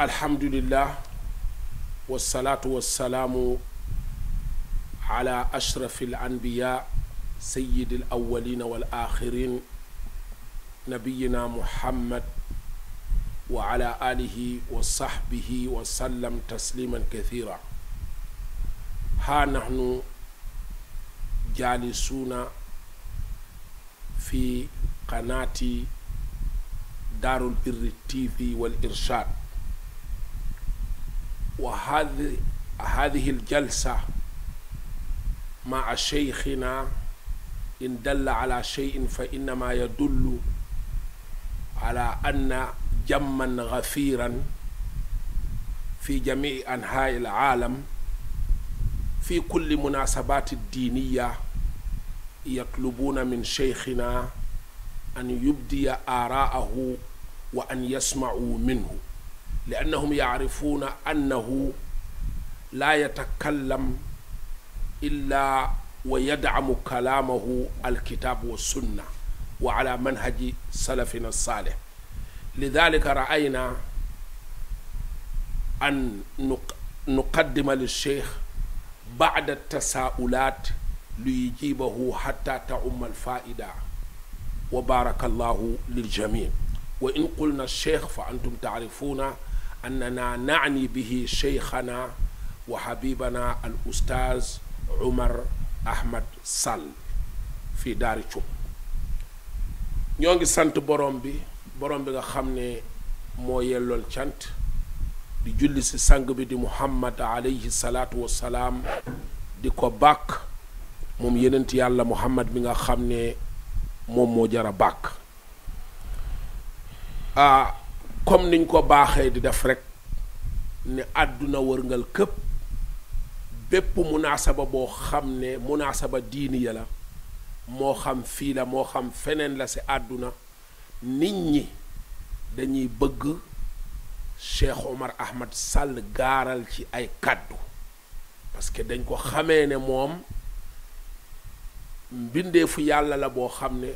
alhamdulillah wasalaatu wasalaamu ala ashrafi al anbiya sayidi al awalina wal axirin nabiyina muhammad wa ala alihi wa saxbihi wa sallam tasliman kathira haa nahnu jaalisuuna fi qanaati daarul birri tv wal irshaad وهذه هذه الجلسة مع شيخنا إن دل على شيء فإنما يدل على أن جما غفيرا في جميع أنحاء العالم في كل مناسبات الدينية يطلبون من شيخنا أن يبدي آراءه وأن يسمعوا منه li annahum yaarifuuna annahu laa yatakallam illa wa yadaamu kalaamahu alkitaab wa sunna wa ala manhaji salafina saalih lidalika raayna an nuqaddima lilcheikh baada tasaa'ulaat liyujibahu xata taumma alfaa'ida wa baraka allahu liljami wa in qulna cheikh fa antum taarifuuna أننا نعني به شيخنا وحبيبنا الأستاذ عمر أحمد Sall في دار Thioub ñoo ngi sant borom bi borom bi nga xam ne moo yellool cant di julli ci sang bi di Muhammad alayhi salaatu wa salaam di ko bàkk moom yenent yàlla Muhammad bi nga xam ne moom moo jara bàkk ah, comme niñ ko baaxee di def rek ne àdduna wërngal këpp bépp munaasaba boo xam ne munaasaba diini ya la moo xam fii la moo xam feneen la ci àdduna nit ñi dañuy bëgg Cheikh Omar Ahmad sàll gaaral ci ay kàddu parce que dañ ko xamee ne moom mbindeefu yàlla la boo xam ne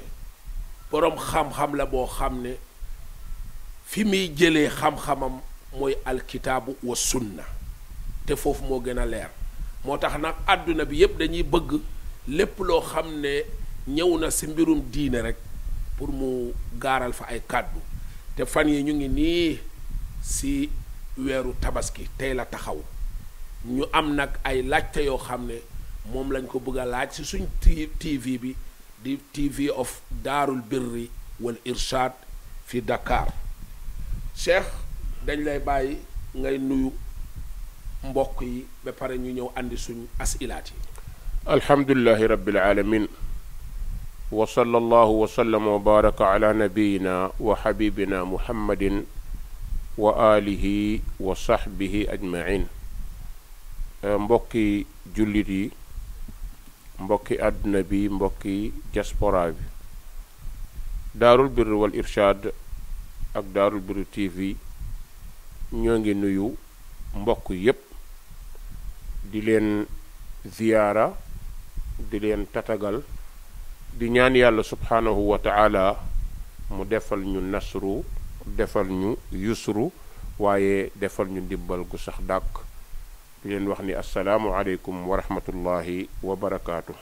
boroom xam-xam la boo xam ne fi muy jëlee xam-xamam mooy alkitaabu wa sunna te foofu moo gën a leer moo tax nag àdduna bi yépp dañuy bëgg lépp loo xam ne ñëw na ci mbirum diine rek pour mu gaaral fa ay kàddu te fan yi ñu ngi nii ci weeru tabaski tey la taxaw ñu am nag ay laajte yoo xam ne moom lañ ko bëgg a laaj ci suñ TV bi di TV of Daarul Birri wal Irshad fi Dakar Cheikh dañ lay bàyyi ngay nuyu mbokk yi ba pare ñu ñëw andi suñu asilaat yi alhamdulilahi rabbil alamin wa sallallahu wa sallama nabiyina wa xabibina muhammadin wa alihi wa saxbihi ajmain eh, mbokki jullit yi mbokki àdduna bi mbokki diaspora irshad ak Daaru Birr TV ñoo ngi nuyu mbokk yépp di leen ziyaara di leen tatagal di ñaan yàlla subhaanahu wa taala mu defal ñu nasru defal ñu yusru waaye defal ñu ndimbal gu sax dàq di leen wax ni assalaamu aleykum wa rahmatullahi wa barakaatu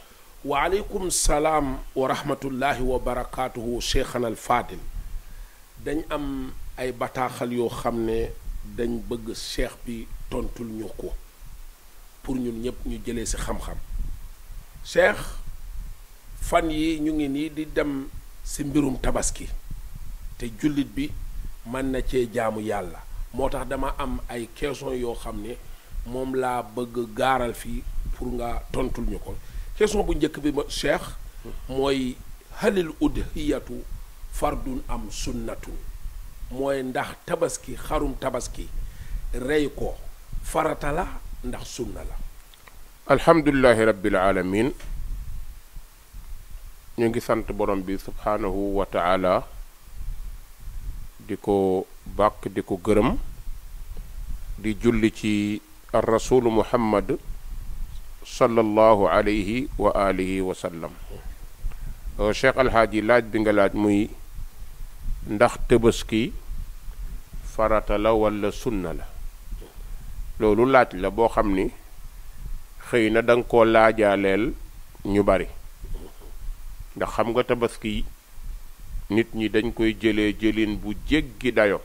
waaleykum salaam wa rahmatullahi wa barakaatuhu cheikhana al faadil dañ am ay bataaxal yoo xam ne dañ bëgg cheikh bi tontul ñu ko pour ñun ñëpp ñu jëlee ci xam-xam cheikh fan yi ñu ngi nii di dem ci mbirum tabaski te jullit bi mën na cee jaamu yàlla moo tax dama am ay question yoo xam ne moom laa bëgg gaaral fii pour nga tontul ñu ko question bu njëkk bi ma cheikh hmm. mooy halil udhiyatu fardun am sunnatun mooy ndax tabaski xarum tabaski rey ko farata la ndax sunna la alhamdulilahi rabbil alamin ñu ngi sant borom bi subhaanahu wa taala di ko bàkk di ko gërëm di julli ci ar rasulu muhammad sallallahu alayhi wa alihi wa sallam euh, cheikh alhaaji laaj bi nga laaj muy ndax tëbaski farata la walla sunna la loolu laaj la boo xam ni xëy na danga koo laajaaleel ñu bari ndax xam nga tabaski nit ñi dañ koy jëlee jëlin bu jéggi dayo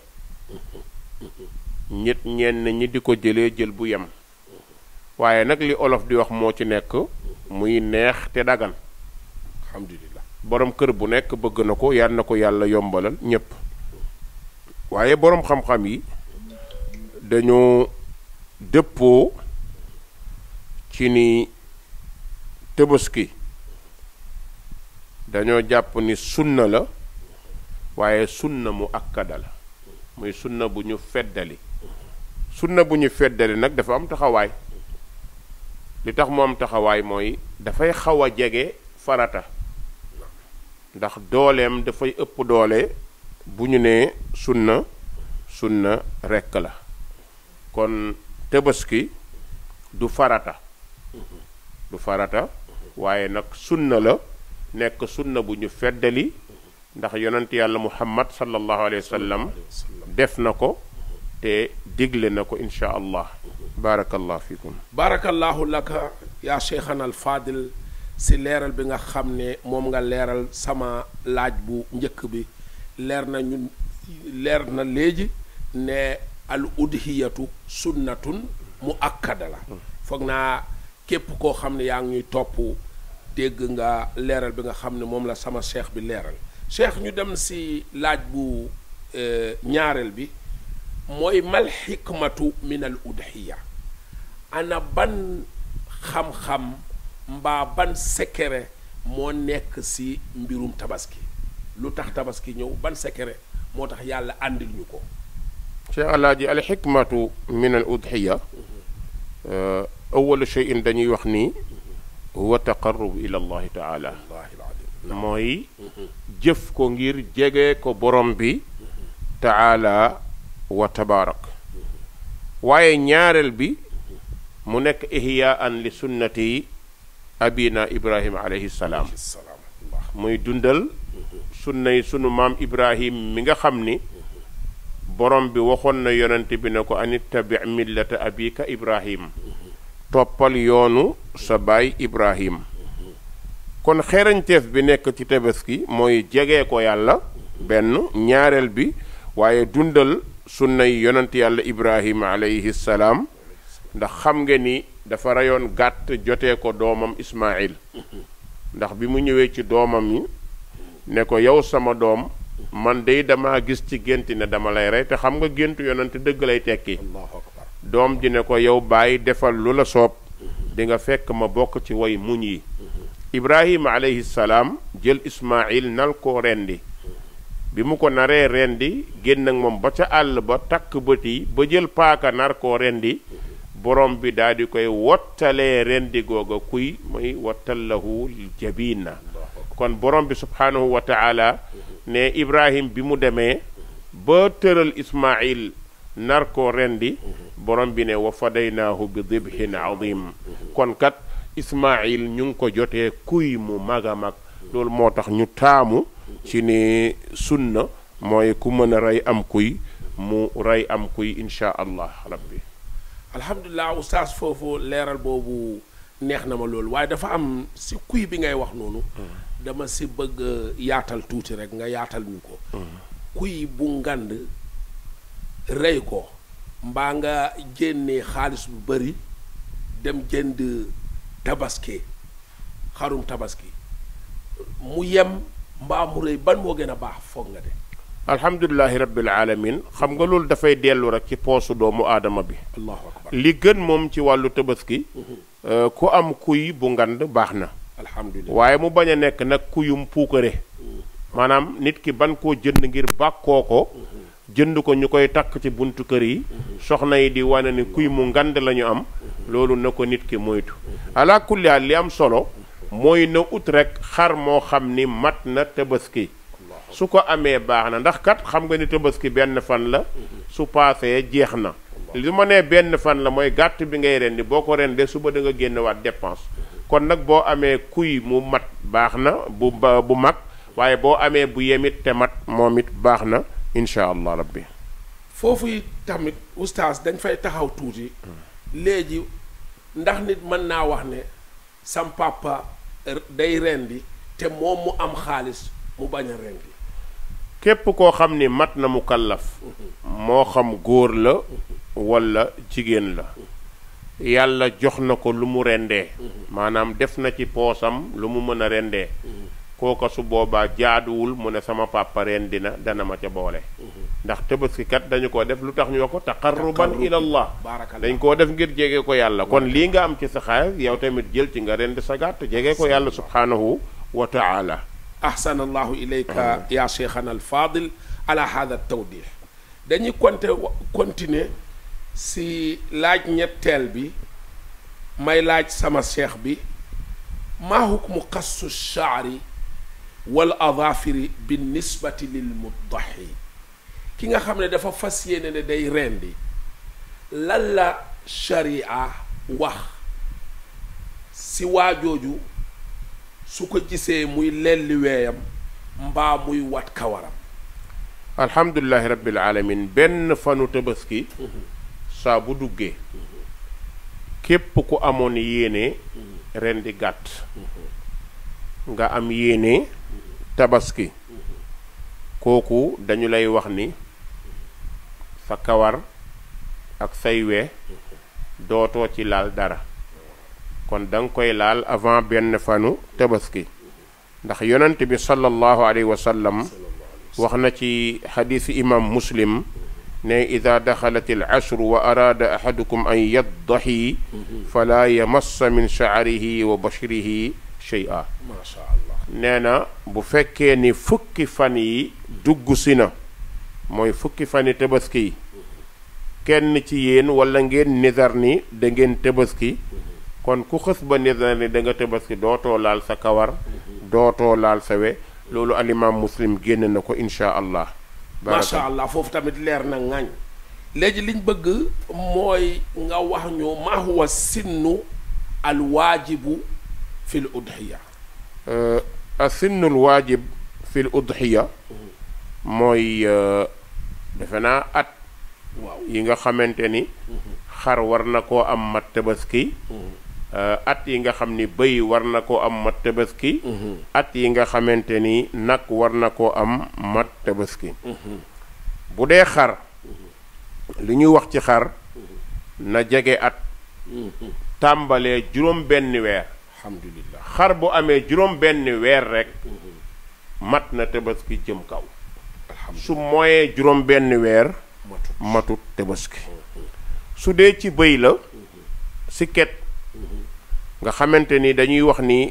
ñit ñenn ñi di ko jëlee jël bu yem waaye nag li olof di wax moo ci nekk muy neex te dagan borom kër bu nekk bëgg na ko yal na ko yàlla yombalal ñépp waaye boroom xam-xam yi dañoo dëppoo ci ni tëbaski dañoo jàpp ni sunna la waaye sunna mu akkada la muy sunna bu ñu feddali sunna bu ñu feddali nag dafa am taxawaay li tax mu am taxawaay mooy dafay xaw a jege farata ndax dooleem dafay ëpp doole bu ñu nee sunna sunna rekk la kon tabaski du farata mhm. du farata waaye nag sunna la nekk sunna bu ñu feddali ndax yonent yàlla muhammad sallallahu alayhi wa sallam def na ko mhm. te digle na ko insha allah mhm. barakallahu fikum barakallahu laka yaa cheikhana al si leeral bi nga xam ne moom nga leeral sama laaj bu njëkk bi leer na ñu leer na léegi ne al udhiyatu sunnatun mu akkada la hmm. foog naa képp koo xam ne yaa ngi topp dégg nga leeral bi nga xam ne moom la sama cheikh bi leeral cheikh ñu dem si laaj bu e, ñaareel bi mooy mal xikmatu min al udhiya ana ban xam-xam mbaa ban secret moo nekk ci mbirum tabaski lu tax tabaski ñëw ban secret moo tax yàlla àndil ñu ko cheikh alaaji al min al udxiya mm-hmm. uh, awalu cheyin dañuy wax ni mm-hmm. huwa taqarrub ila allahi taala mooy mm-hmm. jëf ko ngir jege ko borom bi taala waaye ñaareel bi mu nekk ihyaan li sunnati abina ibrahima aleyhi salaam muy dundal sunnay sunu maam ibrahim mi nga xam ni borom bi waxoon na yonent bi ne ko anit tabi millata abika ibrahim toppal yoonu sa baay ibrahim kon xeerañteef bi nekk ci gi mooy jege ko yàlla benn ñaareel bi waaye dundal sunnay yonent yàlla ibrahima aleyhi salaam ndax xam nga ni dafa reyoon gàtt jote ko doomam Ismaayil ndax bi mu ñëwee ci doomam yi ne ko yow sama doom man dey dama gis ci gént ne dama lay rey te xam nga géntu yonent dëgg lay tekki doom ji ne ko yow bàyyi defal lu la soob di fekk ma bokk ci way muñ yi ibrahima aleyhi salaam jël ismail nal ko rendi bi mu ko naree rendi génn ak moom ba ca àll ba takk bët ba jël paaka nar koo rendi borom bi daal di koy wottalee rendi googa kuy muy wattallahu jabina kon borom bi subhaanahu wa taala ne ibrahim bi mu demee ba tëral ismail nar ko rendi borom bi ne wa fadaynaahu bi dibhin azim kon kat ismail ñu ko jotee kuy mu mag a mag loolu moo tax ñu taamu ci ni sunna mooy ku mën a rey am kuy mu rey am kuy insha allah rabbi alhamdulilah saas foofu leeral boobu neex na ma loolu waaye dafa am si kuy bi ngay wax noonu. dama si bëgg yaatal tuuti rek nga yaatal ñu ko. kuy bu ngand rey ko mbaa nga génnee xaalis bu bari dem jënd tabaski xarum tabaski mu yem mbaa mu rëy ban moo gën a baax foog nga de. alhamdulilahi rabbil alamin xam nga loolu dafay dellu rek ci poosu doomu aadama bi allahu li gën moom ci wàllu tabaski mhm. euh, ku am kuy bu ngand baax na alhamdulilah waaye mu bañ a nekk nag kuyum puukare mhm. maanaam nit ki ban koo jënd ngir bàkkoo ko mhm. jënd ko ñu koy takk ci buntu kër yi soxna yi di wane ni kuy mu ngand lañu am loolu na ko nit ki moytu alaakulli li am solo mooy na ut rek xar moo xam ni mat na tabaski su ko amee baax na ndax kat xam nga ni tabaski benn fan la su paasee jeex na li ma nee benn fan la mooy gàtt bi ngay rendi boo ko rendee suba danga nga génne waat dépense kon nag boo amee kuy mu mat baax na bu bu mag waaye boo amee bu yemit te mat moom it baax na incha allah bi foofu yi tamit oustaz dañ fay taxaw tuuti léegi ndax nit mën naa wax ne sam day rendi te moom mu am xaalis mu bañ a rendi képp koo xam ni mat na mu kallaf moo xam góor la walla jigéen la yàlla jox na ko lu mu rendee maanaam def na ci poosam lu mu mën a rendee kooka su boobaa jaaduwul mu ne sama papa rendi na dana ma ca boole ndax tabaski kat dañu ko def lu tax ñu wax ko taqarruban ilallah dañ koo def ngir jege ko yàlla kon lii nga am ci sa yow tamit jël ci nga rend sa gàtt jege ko yàlla subhaanahu wa taala ahsana allahu ilayka ya cheikhana al fadil ala hada tawdih dañuy konte si laaj ñetteel bi may laaj sama cheikh bi maa hukmu qassu shaari wal adafiri bi nisbati lil muddahi ki nga xam ne dafa fas yéene ne day rendi lan la sharia wax si waajooju su ko gisee muy lelli weeyam mbaa muy wat kawaram alhamdulilahi rabbil alamin benn fanu tabaski saa bu duggee képp ku amoon yéene rendi gàtt nga am yéene tabaski kooku dañu lay wax ni sa kawar ak say we dootoo ci laal dara kon da koy laal avant benn fanu tabaski ndax yonent bi sallallahu alayhi wa sallam wax na ci xadiisi imam muslim ne ida daxalat al ashru wa araada ahadukum an yaddaxi falaa yamassa min sha'rihi wa bashrihi shay'a nee na bu fekkee ni fukki fan yi dugg si na mooy fukki fan yi tabaski yi kenn ci yéen walla ngeen nizar ni da ngeen tabaski kon ku xës ba ne da nga tabaski dootoo laal sa kawar dootoo laal sa we loolu alimaam muslim génn na ko incha allah macha allah foofu tamit leer na ŋaañ léegi liñ bëgg mooy nga wax ñu maa huwa sinnu al waajibu fi l udhiya euh, a sinnul waajib mooy euh, defe naa at waaw yi nga xamante ni mhm. xar war na koo am mat tabaski mhm. Euh, at yi nga xam ni bëy war na koo am mat tabaski mhm. at yi nga xamante ni nag war na koo am mat tabaski mhm. bu dee xar mhm. li ñuy wax ci xar na jege at tàmbalee juróom benni weer xar bu amee juróom benni weer rekk mat na tabaski jëm kaw su mooyee juróom benni weer matut tabaski su dee ci bëy la si nga xamante ni dañuy wax ni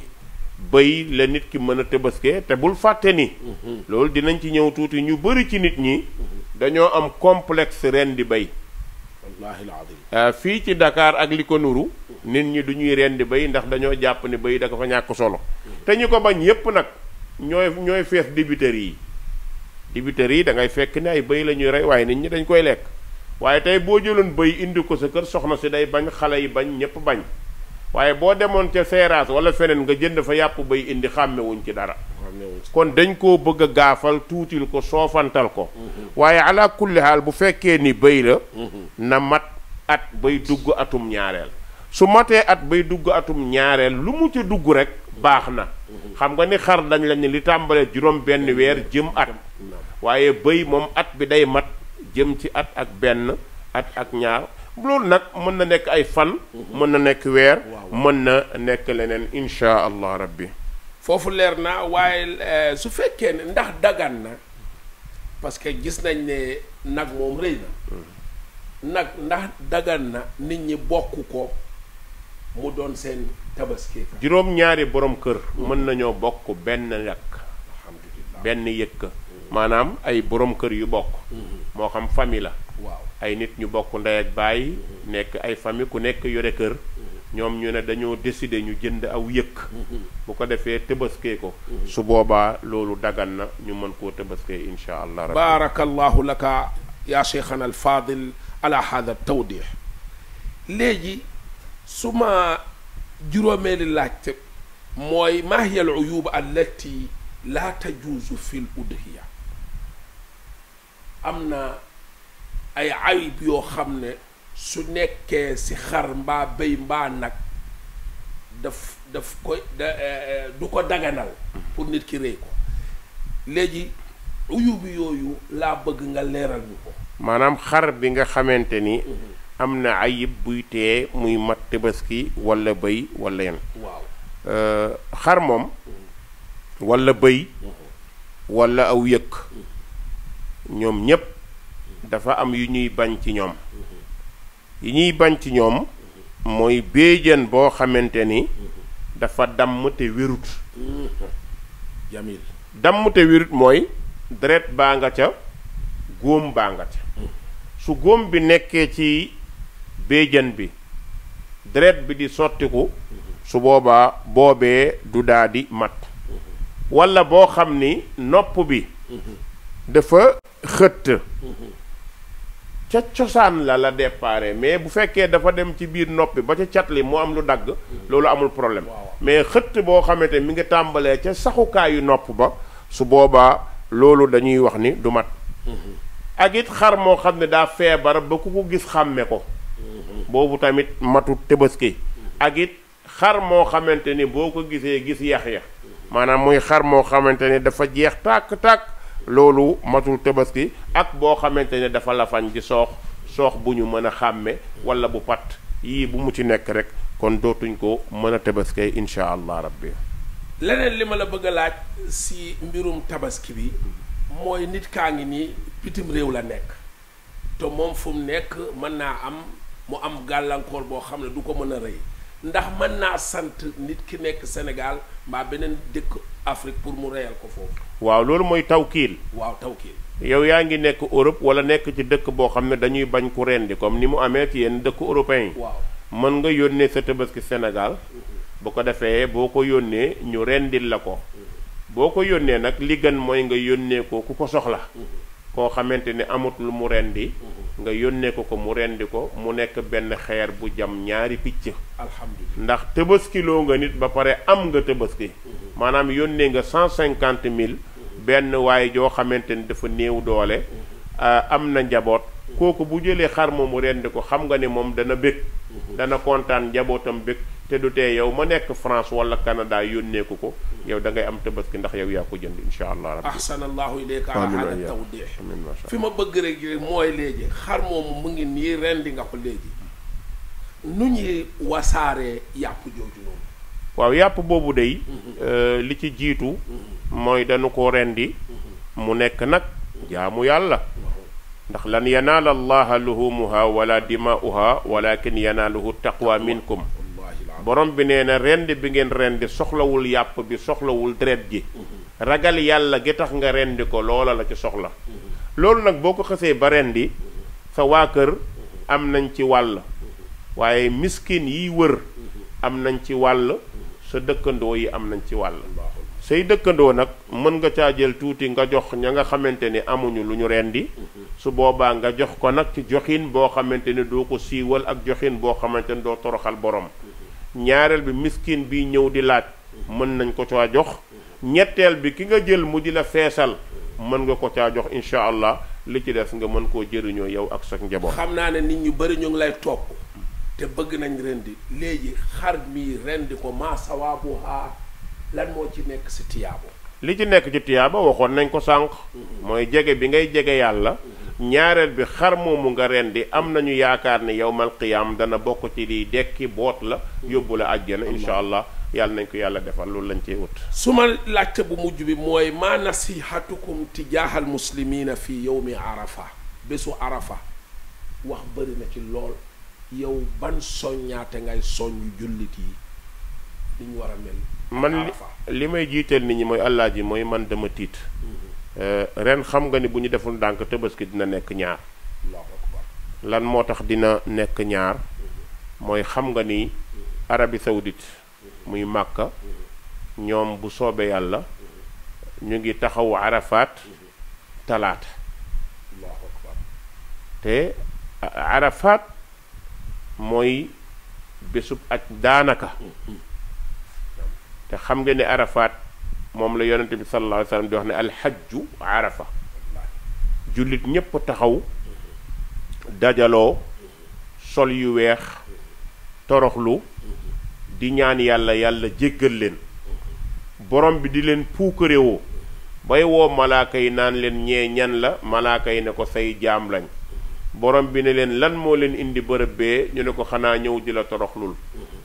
bëy la nit ki mën a tëbaskee te bul fàtte ni mhm. loolu dinañ ci ñëw tuuti ñu bëri ci nit ñi mhm. dañoo am complexe ren di béy wallaahi al-aziim euh, fii ci dakaar ak li ko nuru nit ñi duñuy ñuy rendi béy ndax dañoo jàpp ne béy da ko fa ñàkk solo mhm. te ñu ko bañ yépp nag ñooy ñooy fees dibiteri yi dibiteri yi da ngay fekk ne ay béy la rey waaye nit ñi dañ koy lekk waaye tey boo jëloon béy indi ko sa kër soxna si day bañ xale yi bañ ñépp bañ waaye boo demoon ca seeraas wala feneen nga jënd fa yàpp bay indi xàmmewuñ ci dara kon dañ koo bëgg a gaafal tuutil ko soofantal ko waaye ala kulli bu fekkee ni bëy la na mat at bay dugg atum ñaareel su matee at bay dugg atum ñaareel lu mu ca dugg rek baax na xam nga ni xar dañ la ni li tàmbalee juróom benn weer jëm at waaye bëy moom at bi day mat jëm ci at ak benn at ak ñaar loolu nag mën na nekk ay fan. Mhm. mën na nekk weer. mën na nekk leneen insha allah bi foofu leer na waaye eh, su fekkee ne ndax dagan na parce que gis nañ ne nag moom rëy na. Mm. nag ndax dagan na nit ñi bokk ko mu doon seen tabaski. juróom ñaari borom kër. Mm. mën nañoo bokk benn yàq. benn yëkk mm. maanaam ay borom kër yu bokk. Mm-hmm. moo xam famille la. ay nit ñu bokk ndey ak baay nekk ay famille ku nekk yore kër ñoom ñu ne dañoo décider ñu jënd aw yëkk bu ko defee tëbaskee ko su boobaa loolu dagan na ñu mën koo tëbaskee insha allah baarakallahu laka yaa cheikhana al fadil ala hada tawdih léegi su ma juróomeeli laajte mooy maa hiya al uyub allati laa tajuuzu fi l udhiya am na ay ayib yoo xam ne su nekkee si xar mbaa béy mbaa nag daf daf ko da eh, eh, du ko daganal pour nit ki rëy ko léegi uyubi yooyu laa bëgg nga leeral ñu ko maanaam xar bi nga xamante ni mhm. am na ayib buy teye muy mat tabaski walla béy walla yen waaw euh, xar moom mhm. walla béy mhm. walla aw yëkk ñoom ñépp dafa am yu ñuy bañ ci ñoom yi ñuy bañ ci ñoom mooy béjjén boo xamante ni dafa damm te wérut jamil te wérut mooy deret baa nga ca góom baa nga ca su góom bi nekkee ci béjjén bi deret bi di sottiku su boobaa boobee du daa di mat walla boo xam ni nopp bi dafa xëtt ca cosaan la la déparé mais bu fekkee dafa dem ci biir noppi ba ca cat li mu am lu dagg loolu amul problème mais xëtt boo xamante mi ngi tàmbalee ca saxukaayu nopp ba su boobaa loolu dañuy wax ni du mat mm-hmm. ak it xar moo xam ne daa feebar ba ku ko gis xàmme ko mm-hmm. boobu tamit matu tëbaski mm-hmm. ak it xar moo xamante ni boo ko gisee gis yax ya maanaam muy xar moo xamante ni dafa jeex tàkk-tàkk loolu matul tabaski ak boo xamante ne dafa lafañ ci soox soox bu ñu mën a xàmmee wala bu pat yii bu mu ci nekk rek kon dootuñ ko mën a tabaskee incha allah rabbi leneen li ma la bëgg a laaj si mbirum tabaski bi mooy nit kaa ngi nii bitim réew la nekk te moom fu mu nekk mën naa am mu am gàllankoor boo xam ne du ko mën a rëy ndax mën naa sant nit ki nekk Sénégal mbaa beneen dëkk Afrique pour mu reyal ko foofu waaw loolu mooy tawkiil. waaw tawkiil. yow yaa ngi nekk Europe wala nekk ci dëkk boo xam ne dañuy bañ ku rendi comme ni mu amee ci yenn dëkk européen waaw mën nga yónnee sa tabaski senegal mm-hmm. bu ko defee boo ko yónnee ñu rendil la ko. Mm-hmm. boo ko yónnee nag li gën mooy nga yónnee ko ku ko soxla. Mm-hmm. koo xamante ni amatul mu rendi. nga yónnee ko ko mu rendi ko mu nekk benn xeer bu jam ñaari picc. alhamdulilah ndax tëbaskiloo nga nit ba pare am nga tëbaski. maanaam yónnee nga cent cinquante mille benn waaye joo xamante ni dafa néew doole euh, am na njaboot kooku bu jëlee xar moomu rendi ko xam nga ne moom dana bëgg dana kontaan njabootam bëgg te du tee yow ma nekk France wala Canada yónnee ko ko yow da ngay am tabaski ndax yow yaa ko jënd insha allah rabbi ahsanallahu ilayka ala tawdih fi ma bëgg rek mooy léegi xar moomu mu ngi nii rendi nga ko léegi nu ñuy wasaaree yàpp jooju noonu waaw yàpp boobu day euh, li ci jiitu mooy dañu ko rendi mu nekk nag jaamu yàlla ndax lan yanaala allaha luhumuha wala dimaa'uha walakin yanaaluhu taqwa minkum borom bi nee na rend bi ngeen rendi soxlawul yàpp bi soxlawul deret ji ragal yàlla gi tax nga rendi ko loola la ci soxla loolu nag boo ko xësee ba rendi sa waa kër am nañ ci wàll waaye miskin yiy wër am nañ ci wàll mm-hmm. sa dëkkandoo yi am nañ ci wàll say dëkkandoo nag mën nga caa jël tuuti nga jox ña nga xamante ni amuñu lu ñu rendi mm-hmm. su boobaa nga jox ko nag ci joxin boo xamante ni doo ko siiwal ak joxin boo xamante ni doo toroxal borom mm-hmm. ñaareel bi miskin bi ñëw di laaj mën nañ ko caa jox ñetteel bi ki nga jël mu di la feesal mën nga ko caa jox incha allah li ci des nga mën koo jëriñoo yow ak sa njaboot. xam naa ne nit ñu bari ñu lay topp te bëgg nañ rendi léegi xar mi rendi ko maa sawaabuhaa lan moo ci nekk si tiyaabo li ci nekk ci tiyaaba waxoon nañ ko sànq mm-hmm. mooy jege bi ngay jege yàlla mm-hmm. ñaareel bi xar moomu nga rendi am nañu yaakaar ne yowmal qiyaam dana bokk ci liy dekki boot la mm-hmm. yóbbu la àjjana incha allah yàlla nañ ko yàlla defal loolu lañ cee wut su ma laajte bu mujj bi mooy maa nasihatukum tijaaha al muslimina fi yowmi arafa bésu arafa wax bëri na ci lool yow ban soññaate ngay soññ jullit yi man li may jiiteel nit ñi mooy allah yi mooy man dama tiit. Mm-hmm. Euh, ren xam nga ni bu ñu deful ndànk tabaski dina nekk ñaar. lan moo tax dina nekk ñaar. Mm-hmm. mooy xam nga ni mm-hmm. arabi Saoudite muy Màkka ñoom bu soobee yàlla ñu ngi taxawu Arafat talaata te Arafat mooy bésub ak daanaka te xam nga ni arafaat moom la yonent bi sallallahu alayhi wa sallam di wax ne alxajju arafa jullit ñépp taxaw dajaloo sol yu weex toroxlu di ñaan yàlla yàlla jéggal leen borom bi di leen puukarewoo bay woo malaaka yi naan leen ñee ñan la malaaka yi ne ko say jaam lañ borom bi ne leen lan moo leen indi bërëb bee ñu ne ko xanaa ñëw di la toroxlul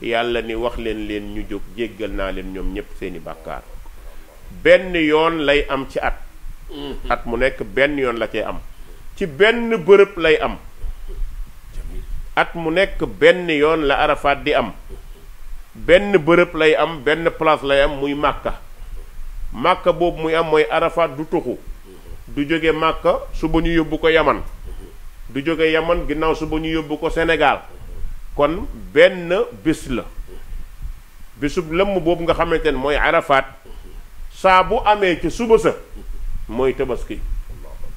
yàlla ni wax leen leen ñu jóg jéggal naa leen ñoom ñépp seeni bàkkaar benn yoon lay am ci at mm-hmm. at mu nekk benn yoon la cay am ci benn bërëb lay am at mu nekk benn yoon la arafaat di am benn bërëb lay am benn place lay am muy màkka màkka boobu muy am mooy arafaat du tuxu du jóge màkka suba ñu yóbbu ko yaman du jóge yaman ginnaaw suba ñu yóbbu ko Sénégal kon benn bés la bésub lëmm boobu nga xamante ne mooy arafaat saa bu amee ci suba sa mooy tabaski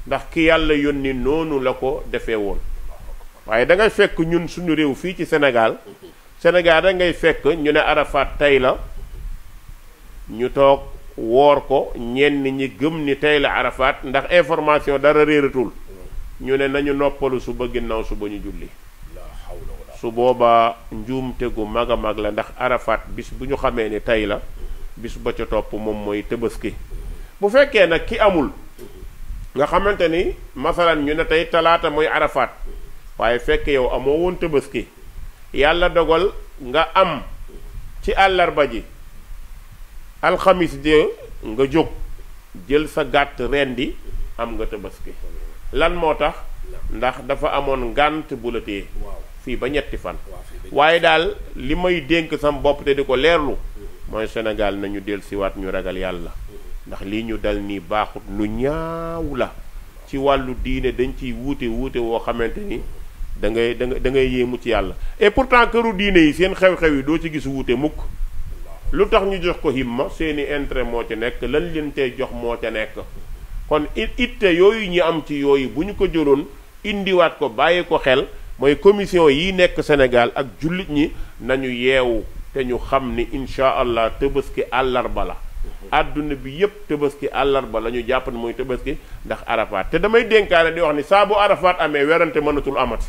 ndax ki yàlla yónni noonu la ko defee woon waaye da ngay fekk ñun suñu réew fii ci senegaal Sénégal da ngay fekk ñu ne arafaat tey la ñu toog woor ko ñenn ñi gëm ni tey la arafaat ndax information dara réeratul ñu ne nañu noppalu suba ginnaaw suba ñu julli su boobaa njuumte gu mag a mag la ndax arafaat bis bu ñu xamee ni tey la bis ba ca topp moom mooy tëbaski bu fekkee nag ki amul nga xamante ni masalan ñu ne tey talaata mooy arafaat waaye fekk yow amoo woon tëbaski yàlla dogal nga am ci àllarba ji alxamis de nga jóg jël sa gàtt rendi am nga tëbaski lan moo tax ndax dafa amoon ngànt bu la téye fii ba ñetti fan waaye daal li may dénk sam bopp te di ko leerlu mm-hmm. mooy Sénégal nañu del siwaat ñu ragal yàlla mm-hmm. ndax lii ñu dal nii baaxut lu ñaaw la ci wàllu diine dañ ciy wuute wuute woo xamante ni da ngay da da ngay yéemu ci yàlla et pourtant këru diine yi seen xew-xew yi doo ci gis wuute mukk lu tax ñu jox ko himma seeni intérêt moo ci nekk lan leen tey jox moo ca nekk kon itte yooyu ñu am ci yooyu bu ñu ko jëloon indiwaat ko bàyyi ko xel mooy commission yi nekk Sénégal ak jullit ñi nañu yeewu te ñu xam ni incha allah tëbaski àllarba la àdduna bi yépp tëbaski àllarba la ñu jàpp ne mooy tëbaski ndax arafaat te damay denkaane di wax ni saa bu arafaat amee werante mënatul amati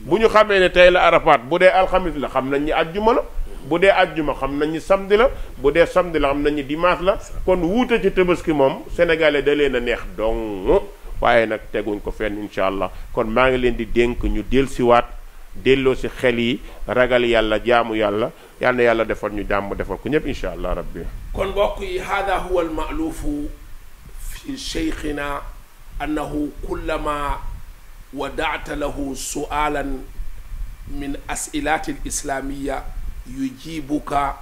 bu ñu xamee ne tey la arafaat bu dee alxamis la xam nañ ñi àjjuma la bu dee àjjuma xam nañu samedi la bu dee samedi la xam nañu dimanche la kon wuute ci tabaski moom sénégalais da leen a neex dong waaye nag teguñ ko fenn incha allah kon maa ngi leen di dénk ñu dellusiwaat delloo si xel yi ragal yàlla jaamu yàlla yal yàlla defal ñu jàmm defal ko ñëpp incha allah rabbi kon mbokk yi hada huwa al maaluufu fi cheikhina annahu kullama wadaata lahu sualan min asilaati al yujibuka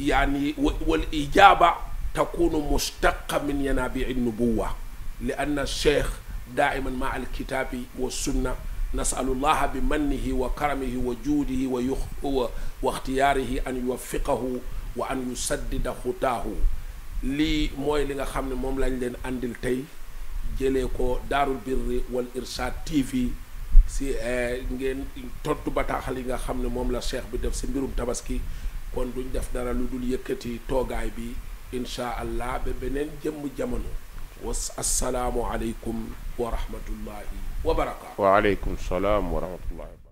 yani wal ijaba takunu mustaqa min yanabii nubuwa lianna alcheikh daiman ma alkitabi wassunna nasalu llaha bimannihi wa karamihi wa juudihi wa waxtiyaarihi an yuwaffiqahu wa an yusaddida xutaahu lii mooy li nga xam ne moom lañ leen àndil tey jëlee ko daarul birri wal irsaad tv si eh, ngeen tontu bataaxal yi nga xam ne moom la cheikh bi def si mbirum tabaski kon duñ def dara lu dul yëkkati toogaay bi incha allah ba beneen jëmm jamono was assalaamu aleykum wa rahmatullahi wa barakaatu. waaleykum salaam wa rahmatullahi.